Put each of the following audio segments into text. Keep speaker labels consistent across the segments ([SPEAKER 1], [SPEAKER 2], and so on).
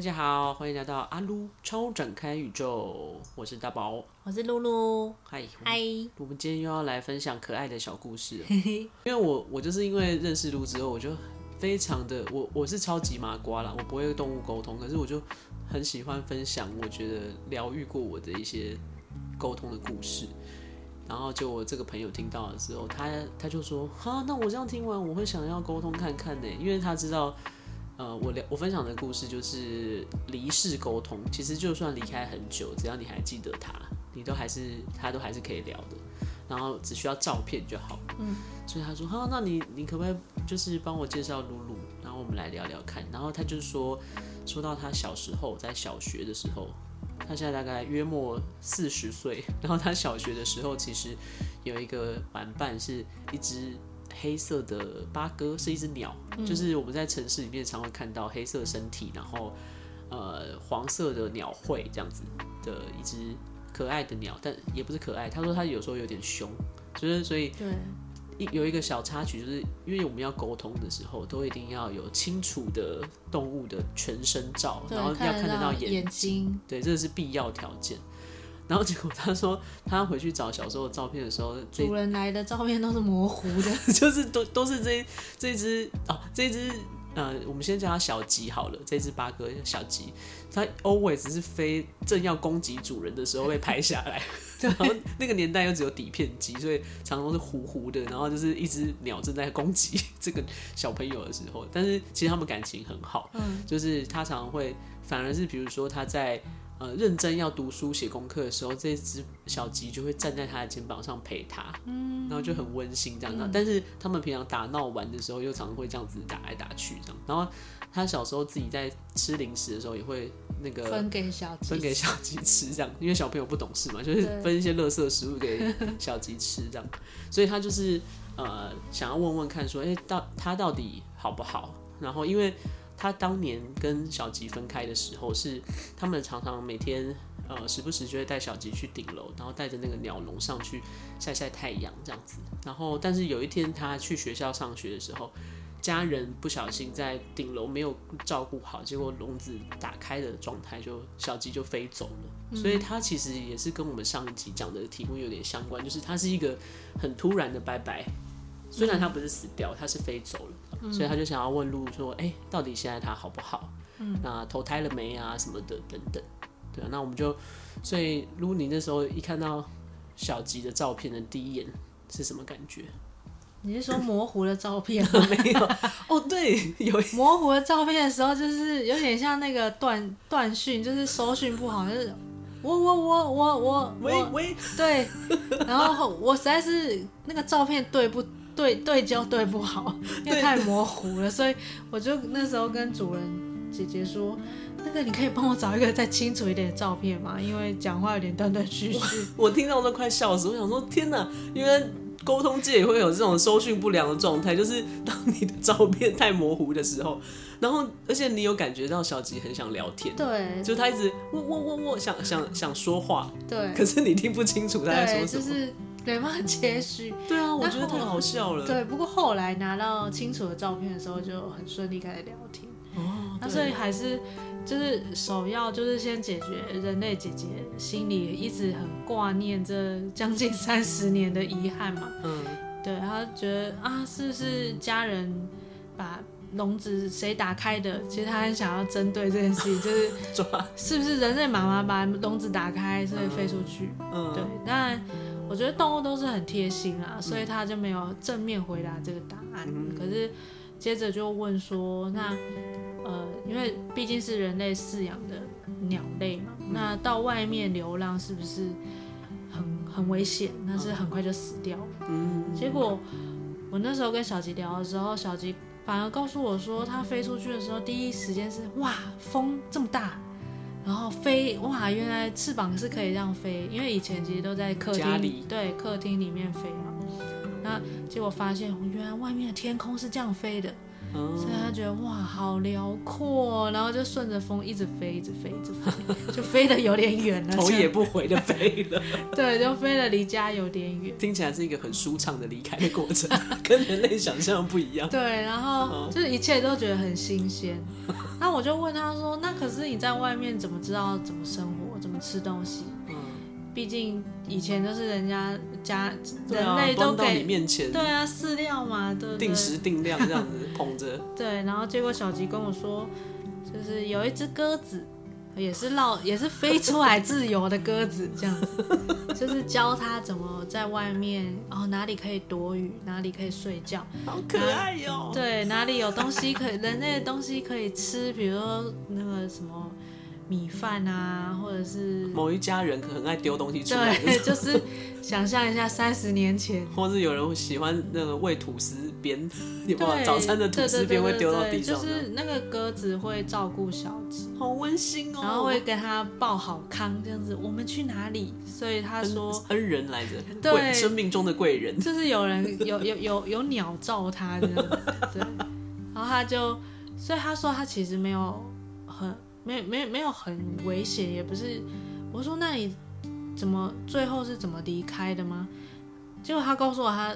[SPEAKER 1] 大家好，歡迎來到阿魯超展開宇宙，我是大寶，我是露露，嗨嗨，我們今天又要來分享可愛的小故事了，嘿嘿，因為我我就是因為認識露之後，我就非常的我我是超級麻瓜啦，我不會動物溝通，可是我就很喜歡分享，我覺得療癒過我的一些溝通的故事，然後就我這個朋友聽到的時候，他他就說啊，那我這樣聽完，我會想要溝通看看呢、欸，因為他知道。呃，我聊我分享的故事就是離世溝通。其實就算離開很久，只要你還記得他，你都還是他都還是可以聊的。然後只需要照片就好。嗯，所以他說好，那你你可不可以就是幫我介紹露露，然後我們來聊聊看。然後他就說，說到他小時候在小學的時候，他現在大概約莫四十歲。然後他小學的時候其實有一個玩伴是一隻。黑色的八哥是一隻鳥，嗯，就是我們在城市裡面常會看到黑色身體，然後呃黃色的鳥喙這樣子的一隻可愛的鳥，但也不是可愛。他說他有時候有點兇，就是所以對一有一個小插曲，就是因為我們要溝通的時候，都一定要有清楚的動物的全身照，對然後要看得到眼睛，眼睛，對，這個是必要條件。然後結果他說，他回去找小時候照片的時候，主
[SPEAKER 2] 人來的照片都是模糊
[SPEAKER 1] 的， 就是都都是這這隻啊。這隻、哦、這隻呃，我們先叫它小吉好了，這隻八哥小吉，它 always 是飛正要攻擊主人的時候被拍下來， 對然後那個年代又只有底片機，所以常常都是糊糊的，然後就是一只鳥正在攻擊這個小朋友的時候，但是其實他們感情很好，嗯，就是他常會反而是比如說他在。呃、認真要讀書寫功課的時候，這隻小雞就會站在他的肩膀上陪他，嗯，然後就很溫馨這樣子。嗯、但是他們平常打鬧玩的時候，又常常會這樣子打來打去，然後他小時候自己在吃零食的時候，也會那個分
[SPEAKER 2] 給小雞，分給
[SPEAKER 1] 小雞吃這樣。因為小朋友不懂事嘛，就是分一些垃圾食物給小雞吃這樣。對 所以他就是呃，想要問問看說，哎、欸，到他到底好不好？然後因為。他當年跟小吉分開的時候，是他們常常每天呃時不時就會帶小吉去頂樓，然後帶着那個鳥籠上去曬曬太陽這樣子。然後，但是有一天他去學校上學的時候，家人不小心在頂樓沒有照顧好，結果籠子打開的狀態，就小吉就飛走了。所以它其實也是跟我們上一集講的題目有點相關，就是它是一個很突然的拜拜。
[SPEAKER 2] 雖然它
[SPEAKER 1] 不是死掉，它是飛走了。所以他就想要問露說：“哎、嗯欸，到底現在他好不好？嗯、那投胎了沒啊？什麼的等等。”對啊，那我們就所以，露你那時候一看到小吉的照片的第一眼是什麼感覺？
[SPEAKER 2] 你是說模糊的照片沒
[SPEAKER 1] 有？ 哦，對，有
[SPEAKER 2] 模糊的照片的時候，就是有點像那個斷斷訊，就是收訊不好，就是我我我我我我。喂，喂，對，然後我實在是那個照片對不？對對焦對不好，因為太模糊了，的所以我就那時候跟主人姐姐說，那個你可以幫我找一個再清楚一點的照片嗎？因為講話有點斷斷續續。
[SPEAKER 1] 我聽到都快笑死，我想說天哪，因為溝通界也會有這種收訊不良的狀態，就是當你的照片太模糊的時候，然後而且你有感覺到小吉很想聊天，
[SPEAKER 2] 對，就是他一直
[SPEAKER 1] 我我我我想想想說話，對，可是你聽不清楚他在說什
[SPEAKER 2] 麼。對嗎？結局對啊，然後，我覺得太好笑了。對，不過後來拿到清楚的照片的時候，就很順利開始聊天。哦，那所以還是就是首要就是先解決人類姐姐心裡一直很掛念這將近三十年的遺憾嘛。嗯，對，她覺得啊，是不是家人把籠子誰打開的？其實她很想要針對這件事情，就是是不是人類媽媽把籠子打開，所以飛出去？嗯，嗯啊、對，那。我覺得動物都是很貼心啊，所以他就沒有正面回答這個答案。嗯、哼可是接着就問說：“那呃，因為畢竟是人類飼養的鳥類嘛，嗯、哼那到外面流浪是不是很很危險？但是很快就死掉了嗯？哼。結果我那時候跟小吉聊的時候，小吉反而告訴我說，他飛出去的時候，第一時間是哇，風這麼大。然後飛，哇，原來翅膀是可以這樣飛，因為以前其實都在客廳裡，對，客廳裡面飛嘛。那結果發現，原來外面的天空是這樣飛的。所以他覺得哇，好遼闊，然後就順着風一直飛，一直飛，一直飛，就飛得有點遠
[SPEAKER 1] 了，頭也不回的飛了。
[SPEAKER 2] 對，就飛得離家有點遠。
[SPEAKER 1] 聽起來是一個很舒暢的離開的過程，跟人類想象不一樣。 對，然後就是
[SPEAKER 2] 一切都覺得很新鮮。那我就問他說：“那可是你在外面怎麼知道怎麼生
[SPEAKER 1] 活，怎麼吃東西？”
[SPEAKER 2] 畢竟以前都是人家家、啊、人類都給你面前，對啊，飼料嘛，都定時
[SPEAKER 1] 定量這樣子捧着。
[SPEAKER 2] 對，然後結果小吉跟我說，就是有一隻鴿子，也是落也是飛出來自由的鴿子，這樣子，就是教它怎麼在外面，哦，哪裡可以躲雨，哪裡可以睡覺，好可愛喲、喔。對，哪裡有東西可以 人類的東西可以吃，比如說那個什麼。米飯啊，或者是
[SPEAKER 1] 某一家人可能愛丟東西出來的，就是想象一下三十年前， 或是有人喜歡那個餵吐司邊，哇對早餐的吐司邊會丟到地上對對對對，就是
[SPEAKER 2] 那個鴿子會照顧小雞，好溫馨哦、喔，然後會給他抱好康這樣子。我們去哪裡？所以他說
[SPEAKER 1] 恩，恩人來着，對，生命中的貴人，就
[SPEAKER 2] 是有人有有有有鳥照他這樣子，對，然後他就，所以他說他其實沒有。沒沒沒有很危險，也不是。我說，那你怎麼最後是怎麼離開的嗎？結果他告訴我，我，他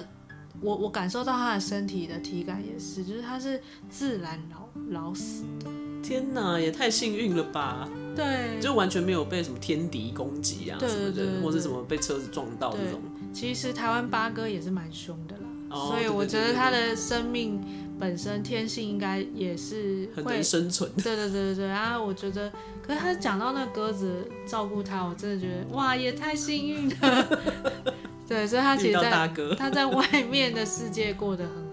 [SPEAKER 2] 我我感受到他的身體的體感也是，就是他是自然老老死的。
[SPEAKER 1] 天哪，也太幸運了吧？對，就完全沒有被什麼天敵攻擊啊對對對對對什麼的，或者什麼被車子撞到這種。
[SPEAKER 2] 其實台灣八哥也是蠻凶的啦，
[SPEAKER 1] 哦，所以我覺得他的
[SPEAKER 2] 生命。本身天性應該也是會生存，對對對對對。然後我覺得，可是他講到那鴿子照顧他，我真的覺得哇，也太幸運了。對，所以他其實在他在外面的世界過得很。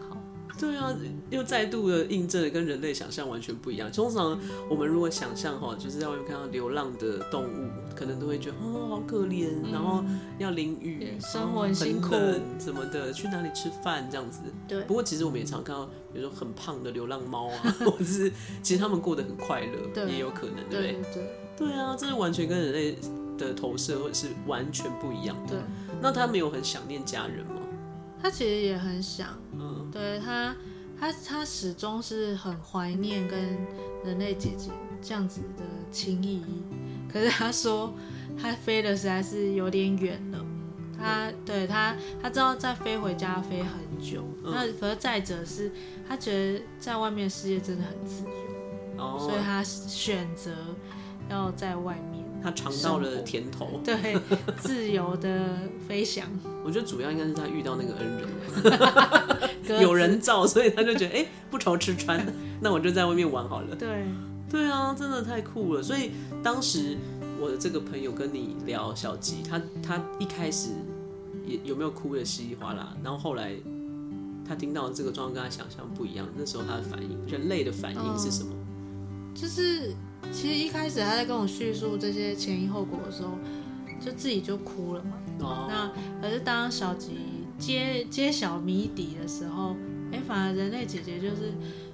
[SPEAKER 1] 對啊，又再度的印證了跟人類想象完全不一樣。通常我們如果想象哈，就是在外面看到流浪的動物，可能都會覺得哦，好可憐，然後要淋雨、嗯、很苦，什麼的，去哪裡吃飯這樣子。對。不過其實我們也常看到，比如說很胖的流浪貓啊，或者是其實他們過得很快樂， 也有可能，對不對？對對對。對啊，這是完全跟人類的投射或者是完全不一樣的。對那他沒有很想念家人嗎？
[SPEAKER 2] 他其實也很想，嗯，對他，他他始終是很懷念跟人類姐姐這樣子的情誼。可是他說他飛的實在是有點遠了，他、嗯、對他他知道再飛回家要飛很久。那、嗯嗯、可是再者是他覺得在外面的世界真的很自由，哦、
[SPEAKER 1] 所以他
[SPEAKER 2] 選擇要在外面。
[SPEAKER 1] 他嚐到了甜頭，對，
[SPEAKER 2] 自由的飛翔。
[SPEAKER 1] 我覺得主要應該是他遇到那個恩人， 子 有人罩，所以他就覺得哎、欸，不愁吃穿， 那我就在外面玩好了。對，對啊，真的太酷了。所以當時我的這個朋友跟你聊小吉，他他一開始也有沒有哭得稀里嘩啦，然後後來他聽到這個狀況跟他想象不一樣，那時候他的反應，人類的反應是什麼？
[SPEAKER 2] 哦就是，其實一開始他在跟我敘述這些前因後果的時候，就自己就哭了嘛。Oh. 那，可是當小吉揭揭曉謎底的時候，哎、欸，反而人類姐姐就是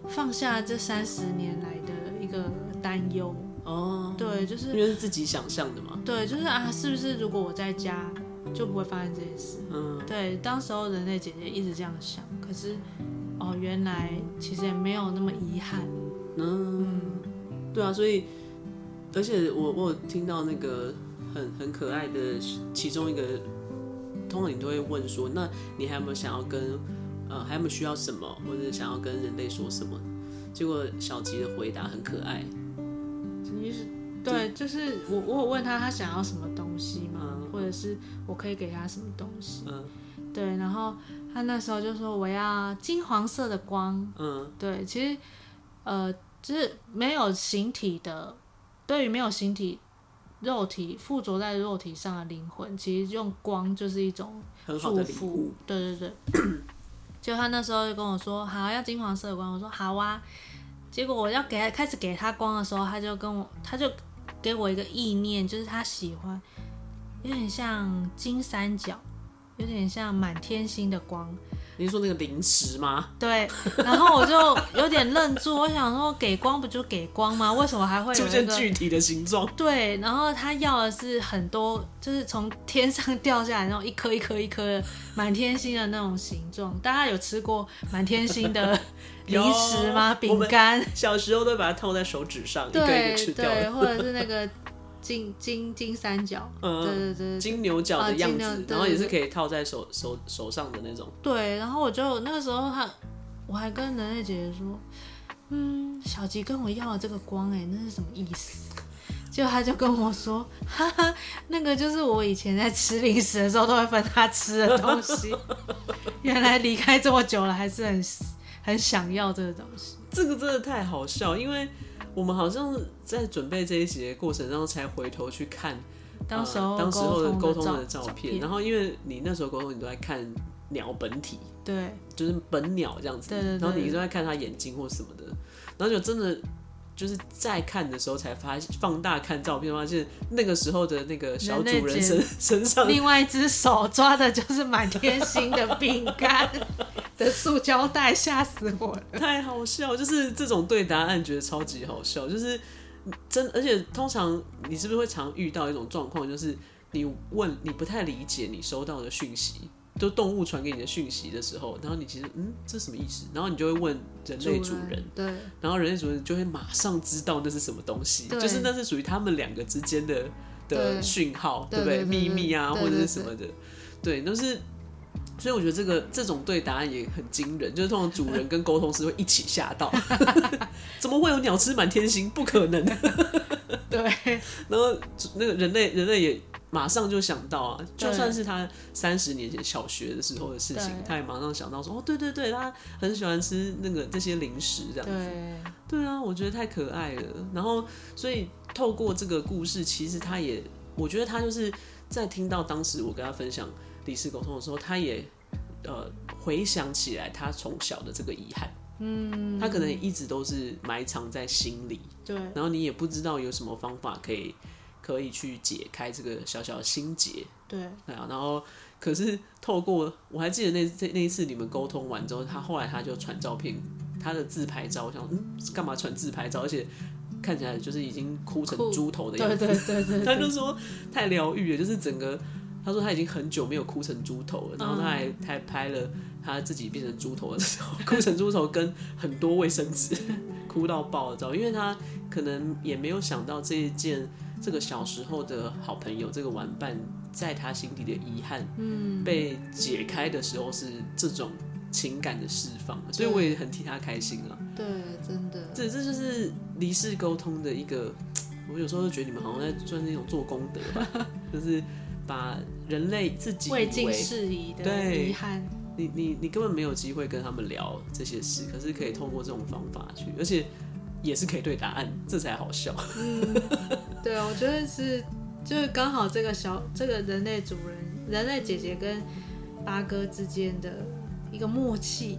[SPEAKER 2] 放下這三十年來的一個擔憂。哦。Oh.
[SPEAKER 1] 對，就是因為是自己想象的嘛。
[SPEAKER 2] 對，就是啊，是不是如果我在家就不會發生這件事？嗯。Oh. 對，當時候人類姐姐一直這樣想，可是，哦，原來其實也沒有那麼遺憾。
[SPEAKER 1] Oh. 嗯。對啊，所以，而且我我有聽到那個很很可愛的其中一個通靈都會問說：“那你還有沒有想要跟呃還有沒有需要什麼，或者想要跟人類說什麼？”結果小吉的回答很可愛，其
[SPEAKER 2] 是實對，就是我我有問他他想要什麼東西嘛，嗯、或者是我可以給他什麼東西？嗯，對，然後他那時候就說：“我要金黃色的光。”嗯，對，其實呃。就是沒有形體的，對於沒有形體、肉體附着在肉體上的靈魂，其實用光就是一種祝福，很好對對對， 就他那時候就跟我說，好，要金黃色的光，我說，好啊。結果我要給他開始給他光的時候，他就跟我，他就給我一個意念，就是他喜歡，有點像金三角，有點像滿天星的光。
[SPEAKER 1] 您說那個零食嗎？
[SPEAKER 2] 對，然後我
[SPEAKER 1] 就有點愣住， 我
[SPEAKER 2] 想說給光不就給光嗎？為什麼還會出現、那個、具體
[SPEAKER 1] 的形狀？
[SPEAKER 2] 對，然後他要的是很多，就是從天上掉下來那種一顆一顆一顆的，滿天星的那種形狀。大家有吃過滿天星的零食嗎？餅乾
[SPEAKER 1] 有，乾小時候都把它套在手指上，對。一個一個吃掉的，對。或者是
[SPEAKER 2] 那個。金金金三角，嗯對對對對
[SPEAKER 1] 金牛角的樣子，啊、對對對然後也是可以套在手手手上的那種。
[SPEAKER 2] 對，然後我就那個時候他，他我還跟人類姐姐說，嗯，小吉跟我要了這個光、欸，哎，那是什麼意思？結果他就跟我說，哈哈，那個就是我以前在吃零食的時候都會分他吃的東西。 原來離開這麼久了，還是很很想要這個東西。
[SPEAKER 1] 這個真的太好笑，因為。我們好像在準備這一集過程當中，才回頭去看
[SPEAKER 2] 當時候當時候的溝通的照片。呃、照片然後
[SPEAKER 1] 因為你那時候溝通，你都在看鳥本體，對，就是本鳥這樣子。對對對對，然後你都在看它眼睛，或什麼的，然後就真的。就是在看的時候才發放大看照片發現那個時候的那個小主人身身上，另
[SPEAKER 2] 外一隻手抓的就是滿天星的餅乾
[SPEAKER 1] 的塑膠袋，嚇死我了！太好笑，就是這種對答案覺得超級好笑，就是真而且通常你是不是會常遇到一種狀況，就是你問你不太理解你收到的訊息。就動物傳給你的訊息的時候，然後你其實嗯，這是什麼意思？然後你就會問人類主人，對，對然後人類主人就會馬上知道那是什麼東西，對就是那是屬於他們兩個之間的的訊號，對,對不對？對對對秘密啊，或者是什麼的，對,對,對,對，那是。所以我覺得這個這種對答案也很驚人，就是通常主人跟溝通師會一起嚇到， 怎麼會有鳥吃滿天星？不可能。 對，然後那個人類人類也。馬上就想到啊，就算是他三十年前小學的時候的事情，對他也馬上想到說，哦，對對對，他很喜歡吃那個這些零食這樣子。對，對啊，我覺得太可愛了。然後，所以透過這個故事，其實他也，我覺得他就是在聽到當時我跟他分享離世溝通的時候，他也呃回想起來他從小的這個遺憾。嗯，他可能一直都是埋藏在心裡。對，然後你也不知道有什麼方法可以。可以去解開這個小小的心結，對，然後可是透過，我還記得那那那一次你們溝通完之後，他後來他就傳照片，嗯、他的自拍照，我想、嗯、幹嘛傳自拍照？而且看起來就是已經哭成豬頭的樣子，對對對，對，對對對， 他就說太療癒了，就是整個他說他已經很久沒有哭成豬頭了，然後他還、嗯、他還拍了他自己變成豬頭的時候，哭成豬頭跟很多衛生紙 哭到爆的照，知道因為他可能也沒有想到這一件。這個小時候的好朋友，這個玩伴，在他心底的遺憾，嗯，被解開的時候是這種情感的釋放，嗯，所以我也很替他開心啊。
[SPEAKER 2] 對，真的。這這就是
[SPEAKER 1] 離世溝通的一個，我有時候就覺得你們好像在算那種做功德吧，就是把人類自己未盡事宜的遺憾，對，你你你根本沒有機會跟他們聊這些事，可是可以通過這種方法去，而且也是可以對答案，這才好笑。嗯
[SPEAKER 2] 對啊，我覺得是，就是剛好這個小，這個人類主人，人類姐姐跟八哥之間的一個默契。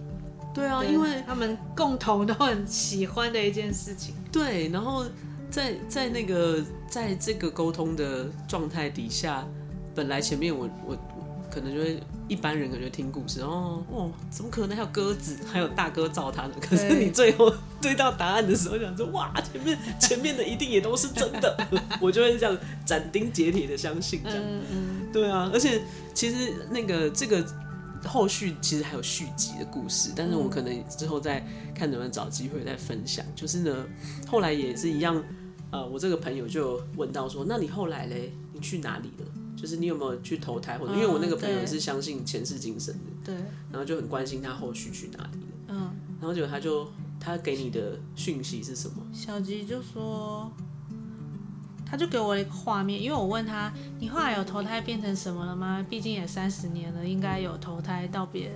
[SPEAKER 2] 對啊，因為
[SPEAKER 1] 他們共同都很喜歡的一件事情。對，然後在在那個，在這個溝通的狀態底下，本來前面我我，我可能就會。一般人可能就聽故事哦，哦，怎麼可能還有鴿子，還有大哥照他呢，對可是你最後對到答案的時候，想說哇，前面前面的一定也都是真的， 我就會這樣斬釘截鐵的相信這樣。對啊，而且其實那個這個後續其實還有續集的故事，但是我可能之後再看怎麼找機會再分享。就是呢，後來也是一樣，呃，我這個朋友就問到說，那你後來嘞，你去哪裡了？就是你有沒有去投胎？或者因為我那個朋友是相信前世今生的，對，然後就很關心他後續去哪裡。嗯，
[SPEAKER 2] 然
[SPEAKER 1] 後結果他就他給你的訊息是什麼？
[SPEAKER 2] 小吉就說，他就給我一個畫面，因為我問他，你後來有投胎變成什麼了嗎？畢竟也三十年了，應該有投胎到別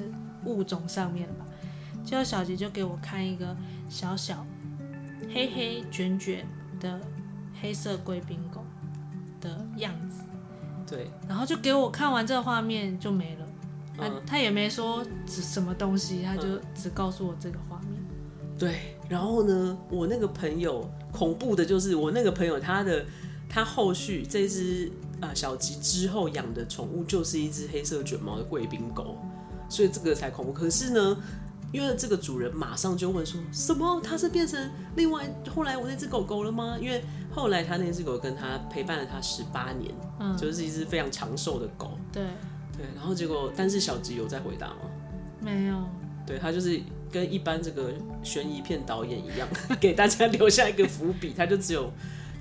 [SPEAKER 2] 物種上面吧？結果小吉就給我看一個小小黑黑捲捲的黑色貴賓狗的樣子。對，然後就給我看完這個畫面就沒了，嗯、他，他也沒說指什麼東西，他就只告訴我這個畫面。
[SPEAKER 1] 對，然後呢，我那個朋友恐怖的就是我那個朋友他的他後續這只啊、呃、小吉之後養的寵物就是一只黑色捲毛的貴賓狗，所以這個才恐怖。可是呢。因為這個主人馬上就問說：“什麼？他是變成另外後來我那只狗狗了嗎？”因為後來他那隻狗跟他陪伴了他十八年，嗯，就是一隻非常長壽的狗。對對，然後結果，但是小吉有在回答嗎？
[SPEAKER 2] 沒有。
[SPEAKER 1] 對，他就是跟一般這個懸疑片導演一樣，給大家留下一個伏筆，他 就只有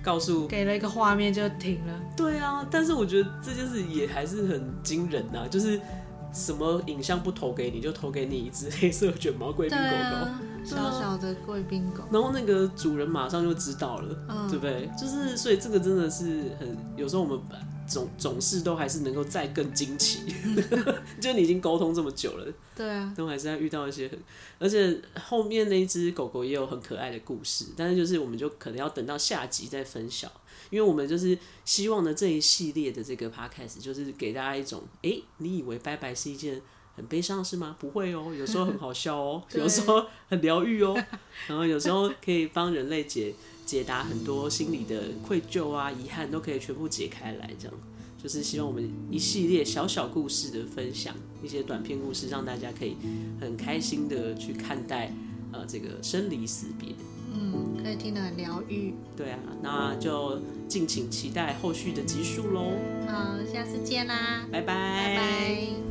[SPEAKER 1] 告訴
[SPEAKER 2] 給了一個畫面就停了。
[SPEAKER 1] 對啊，但是我覺得這就是也還是很驚人吶，就是。什麼影像不投給你，就投給你一隻黑色捲毛貴賓狗狗。小小的貴賓狗、啊，然後那個主人馬上就知道了，嗯、對不對？就是所以這個真的是很，有時候我們總總是都還是能夠再更驚奇。嗯、 就你已經溝通這麼久了，對啊，都還是要遇到一些很，而且後面那一隻狗狗也有很可愛的故事，但是就是我們就可能要等到下集再分享，因為我們就是希望呢這一系列的這個 podcast 就是給大家一種，哎、欸，你以為拜拜是一件。很悲傷是嗎？不會哦，有時候很好笑哦，有時候很療癒哦，然後有時候可以幫人類解解答很多心理的愧疚啊、遺憾，都可以全部解開來。這樣就是希望我們一系列小小故事的分享，一些短篇故事，讓大家可以很開心的去看待呃這個生離死別。嗯，
[SPEAKER 2] 可以聽得很療癒。
[SPEAKER 1] 對啊，那就敬請期待後續的集數嘍。
[SPEAKER 2] 好，下次見啦，
[SPEAKER 1] 拜拜，拜拜。